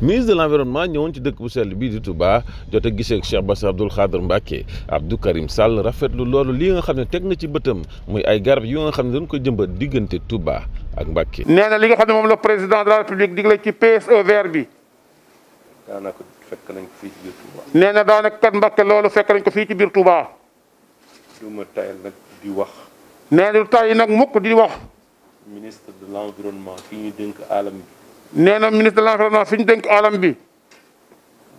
ministre de l'environnement ñewon ci dëkk bu sel bi di Touba jotté a ak Cheikh Bass Abdoul Khadr Mbacké Abdou Karim Sall rafetlu loolu li nga xamné tek na ci bëttam muy ay garab yu nga xamné dañ ko jëmbë digënté Touba ak Mbacké. néna li nga xamné mom le président de la république diglé ci PSE vert bi. daanaka fekk nañ ko ci biir Touba. nee na kat Mbacké loolu fekk nañ ko fi ci biir Touba. duma tayal di wax. néna lu tay nak mukk di wax. ministre de l'environnement fi ñu dënk alam bi. nee na ministre de l'environnement fi ñu dénk alam bi.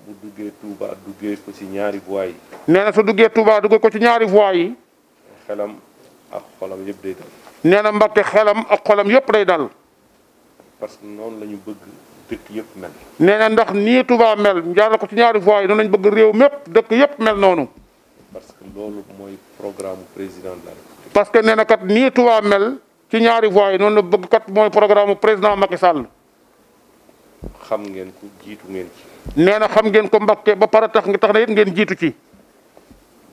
bu duggee Touba duggee ko ci ñaari voies yi. nee na su duggee Touba duggee ko ci ñaari voies yi. xelam ak xolam yëpp day nee na Mbàkke xelam ak xolam yëpp day dal. parce que noonu la ñu bëgg dëkk yëpp nee na ndax nii Touba mel jaarale ko ci ñaari voies yi noonu lañu bëgg réew mépp dëkk yëpp mel noonu. parce que loolu mooy programme président la parce que nee na kat nii Touba mel ci ñaari voies yi noonu la bëgg kat mooy programme président Macky Sall. xam ngeen ko jiitu ngeen ci. nee na xam ngeen ko mbakke ba pare tax nga tax na it ngeen jiitu ci.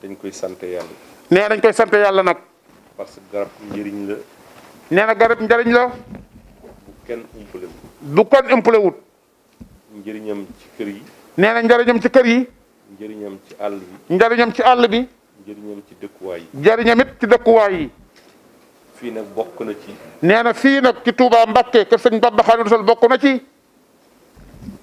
dañ koy sant yàlla. nee dañ koy sante yàlla nag. parce que garab njëriñ la. nee na garab njëriñ la. bu kenn umpale wut. bu kenn umpale wut. ci kër yi. nee na njëriñam ci kër yi. njëriñam ci àll bi. njëriñam ci àll bi. njëriñam ci dëkkuwaay yi. njëriñam ci dëkkuwaay yi. fii nag bokk na ci. nee na fii nag ci Touba Mbacke kër sëñ Bamba Xaadimu Rasuul bokk na ci.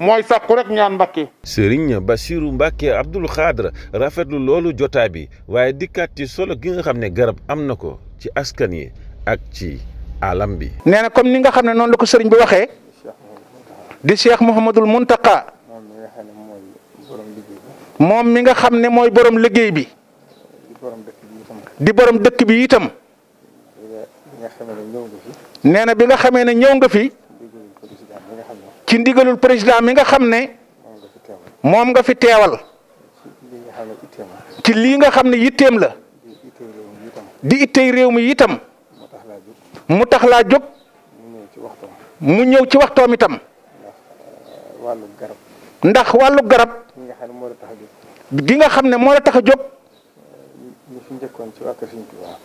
mooy sàkku rek ñaan Mbacke. Serigne Bassirou Mbacke Abdoul Khadre rafetlu loolu jotaay bi waaye dikkaat ci solo gi nga xam ne garab am na ko ci askan yi ak ci alam bi. nee na comme ni nga xam ne noonu la ko sëriñ bi waxee. di Cheikh Mouhamadul Mountakha. moom mi nga xam ne mooy borom liggéey bi. di borom dëkk bi itam. nee bi nga xamee ne ñëw nga fi. ci ndigalul président mi nga xam mom moom nga fi téwal ci li nga xam ne la di ittey réew mi itam mu tax laa jóg mu ñew ci itam ndax walu garab gi nga xam mo la tax jog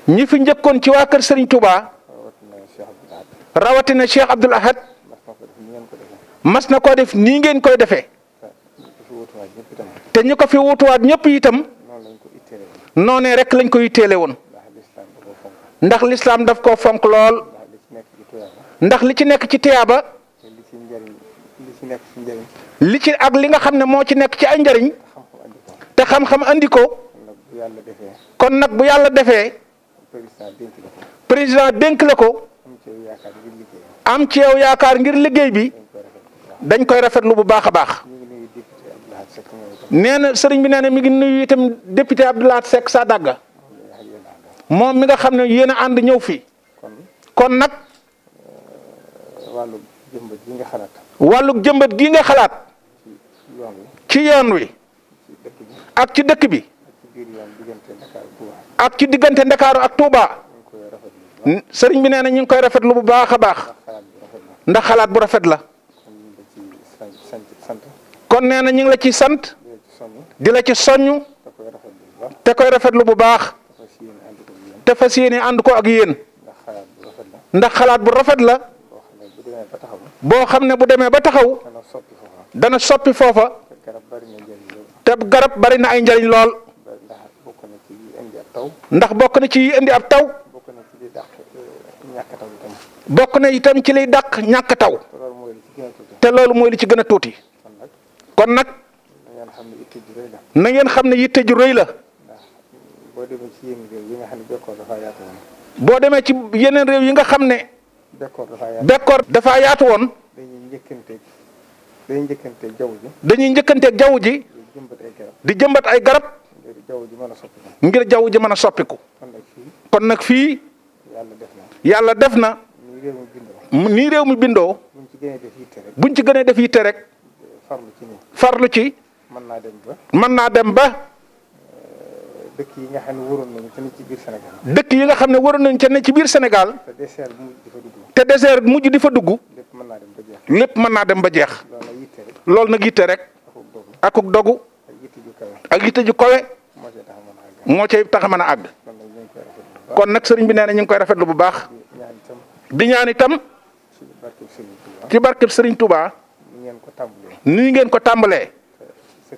ñi fi njëkkoon ci wa keur Serigne Touba ñi fi Cheikh abdul Ahad mas na koo def nii ngeen koy defee te ñi ko fi wutuwaat ñëpp itam noonee rek lañ ko yitteele woon ndax lislaam daf koo fonk lool ndax li ci nekk ci tiyaaba li ci ak li nga xam ne moo ci nekk ci ay njariñ te xam-xam andi ko kon nag bu yàlla defee président dénk la ko am ci yow yaakaar ngir liggéey bi dañ koy rafetlu bu baax a baax. neena sëriñ bi nee na mi ngi nuyu itam député Abdou Lahad Seck mi nga xam ne yéen ànd ñëw fii. kon nag. wàllu jëmbat gi nga xalaat. jëmbat gi nga xalaat. ci yoon wi. ak ci dëkk bi. ak ci diggante Ndakaaru ak Touba. sëriñ bi nee na ñu ngi koy lu bu baax a baax. ndax xalaat bu rafet la. kon neena ñing la ci sant di la ci soñu te koy rafetlu bu baax te fasiyene and ko ak yeen ndax xalaat bu rafet la bo xamne bu deme ba taxaw dana soppi fofa te garab bari na ay njariñ lool ndax bok na ci indi ab taw bok na itam ci lay dak ñak taw te moy li ci gëna tuti kon nag na ngeen xam ne yitte ju rëy la. boo demee ci yeneen yi nga xam ne bekkoor dafa yaatu boo demee ci yeneen réew yi nga xam ne. bekkoor dafa yaatu bekkoor dafa yaatu woon. dañuy njëkkanteeg dañuy njëkkanteeg jaww ji. dañuy njëkkanteeg jaww ji. di di jëmbat ay garab. ngir ji mën a soppiku. ngir jaww ji mën a soppiku. kon nag fii. kon nag fii. yàlla def na. yàlla def na. nii réew mi bindoo. nii réew mi bindoo. buñ ci gënee def yitte ci gënee def yitte rek. farlu ci ni farlu ci mën naa dem ba mën naa dem ba dëkk yi nga xam ne waroon nañu ca ne ci biir Sénégal dëkk yi nga xam ne waroon nañu ca ne ci biir Sénégal te désert mujj di fa dugg te désert mujj dem ba jeex lépp mën yitte rek akuk dogu ak yitte ju kawe moo cay tax a mën a àgg kon nag sëriñ bi nee na ñu ngi koy bu baax di ñaan itam ci barkeb sëriñ Touba ni ngeen ko tambalé te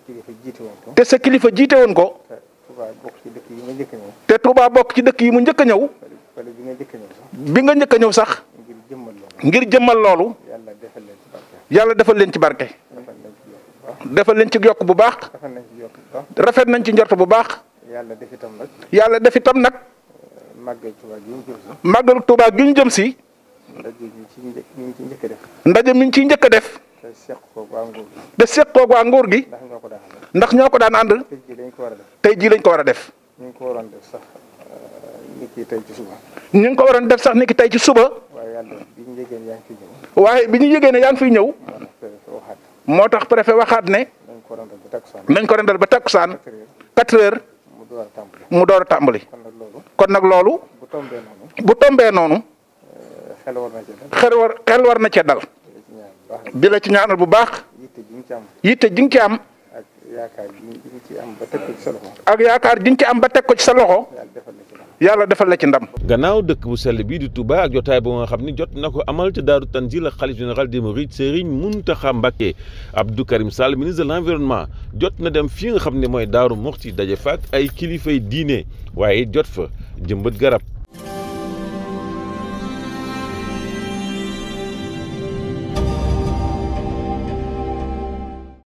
sa kilifa jité won ko te Touba bok ci dëkk yi mu ñëk ñëw bi nga ñëk ñëw sax ngir jëmmal lolu yalla defal leen ci barké defal leen ci yok bu baax rafet nañ ci njort bu baax yalla def itam nak yalla def itam nak eh, magal Touba gi jëm si ndaje mi ñu ciy ci def de seqoog waa ngor gi ndax ñoko daan and tay ji lañ ko wara def ñu ko waran def sax euh, niki tay ci suba ñu ko waran def sax niki tay ci suba waaye yalla biñu yëgee ne yaa ngi fiy ne nañ ko rendal ba takusan 4 heures mu door tambali kon nak lolu bu tombe nonu xel war na cee dal euh, xel war na ci dal di la ci ñaanal bu baax. yitte ji nga ci am. ak yaakaar ji ci am ba teg ko ci sa loxo. yàlla defal la ci ndam. gannaaw dëkk bu sell bii di Touba ak jotaay bu nga xam ni jot na ko amal ca Daaru Tanzil ak xalif général des Mourides Serigne Mountakha Mbacké Abdou Karim Sall ministre de l'environnement jot na dem fii nga xam ne mooy Daaru Muxti daje fak ay kilifay diine waaye jot fa jëmbat garab.